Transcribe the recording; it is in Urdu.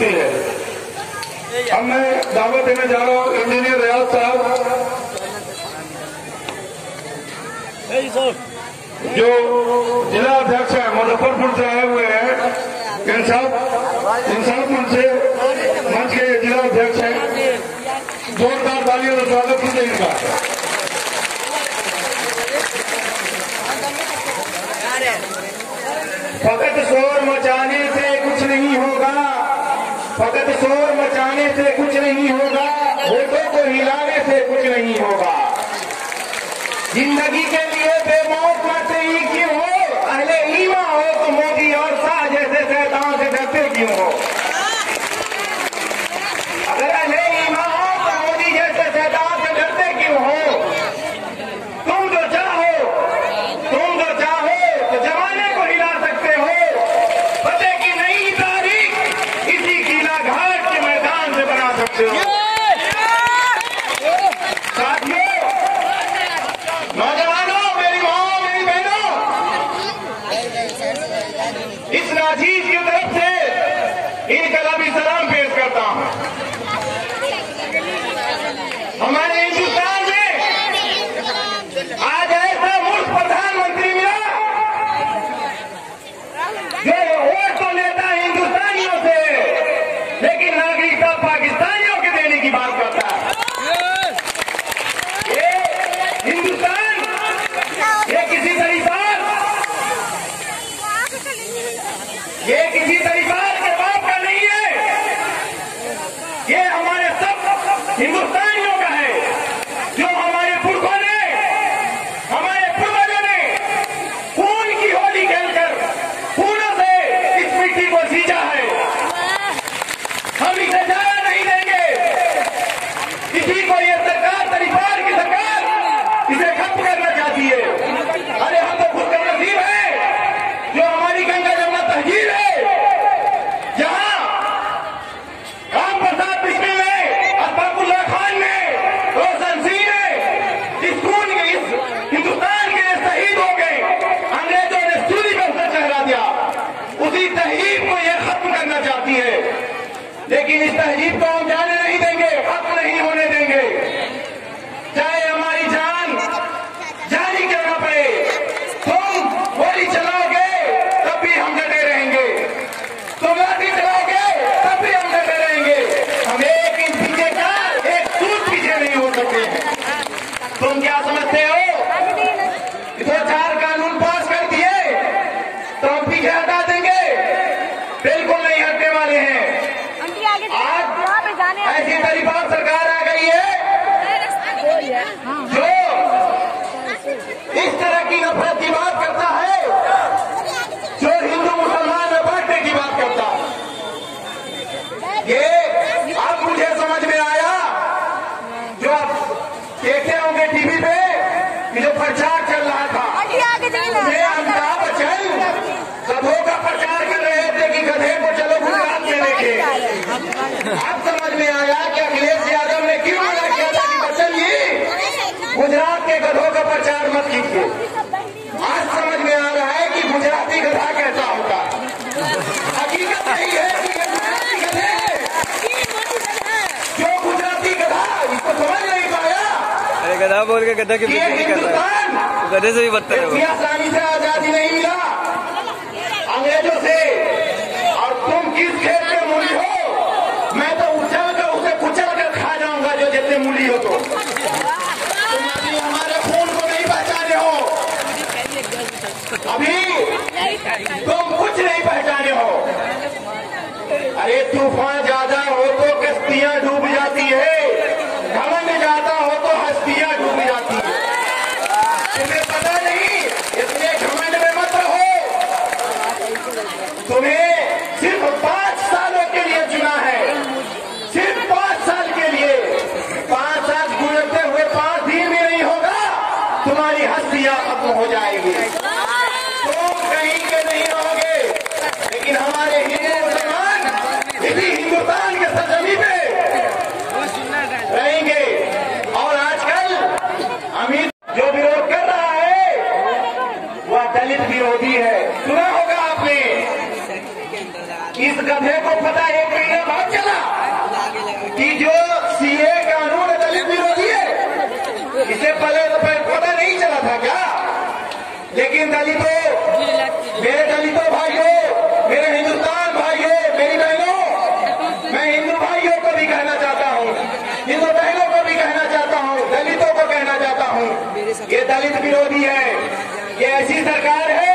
ہے اب میں دعوت دینے جا رہا ہوں انجینئر ریاض صاحب جو ضلع ہیں ہے پور سے آئے ہوئے ہیں انصاف انصاف من سے منچ کے ضلع ہیں زوردار تالیوں اور سواگت کرتے گا فقط شور مچانے سے کچھ نہیں ہوگا بوٹوں کو ہلانے سے کچھ نہیں ہوگا زندگی کے لیے بے موت مرتے ہی کیوں ہو اہل ایما ہو تو موٹی اور شاہ جیسے شہتاؤں سے ڈرتے کیوں ہو پیش کرتا ہوں ہمارے اس تہذیب کو ہم جانے نہیں دیں گے حق نہیں ہونے دیں گے چاہے ہماری جان جانی کرنا پڑے تم گولی چلا گے تب بھی ہم لڑے رہیں گے پرچار چل رہا تھا امیتابھ بچن گدھوں کا پرچار کر رہے تھے کہ گدھے کو چلو گجرات میں لے کے اچھا اب سمجھ میں آیا کہ اکھلیش یادو نے کیوں منع کیا تھا کہ بچن جی گجرات کے گدھوں کا پرچار مت کیجیے آج سمجھ میں آ رہا ہے کہ گجراتی گدھا کے گدا بول کے گدا کی بک کر رہا ہے گدے سے بھی بدتر ہے ہے سنا ہوگا آپ نے اس گدھے کو پتا مہنا بعد چلا کہ جو سی اے قانون دلت وروی ہے اسے پہلے پتا نہیں چلا تھا کیا لیکن دلتوں میرے دلتوں بھائیوں میرے ہندوستان بھائیوں میری بہنوں میں ہندو بھائیوں کو بھی کہنا چاہتا ہوں ہندو بہنوں کو بھی کہنا چاہتا ہوں دلتوں کو کہنا چاہتا ہوں یہ دلت وروی ہے یہ ایسی سرکار ہے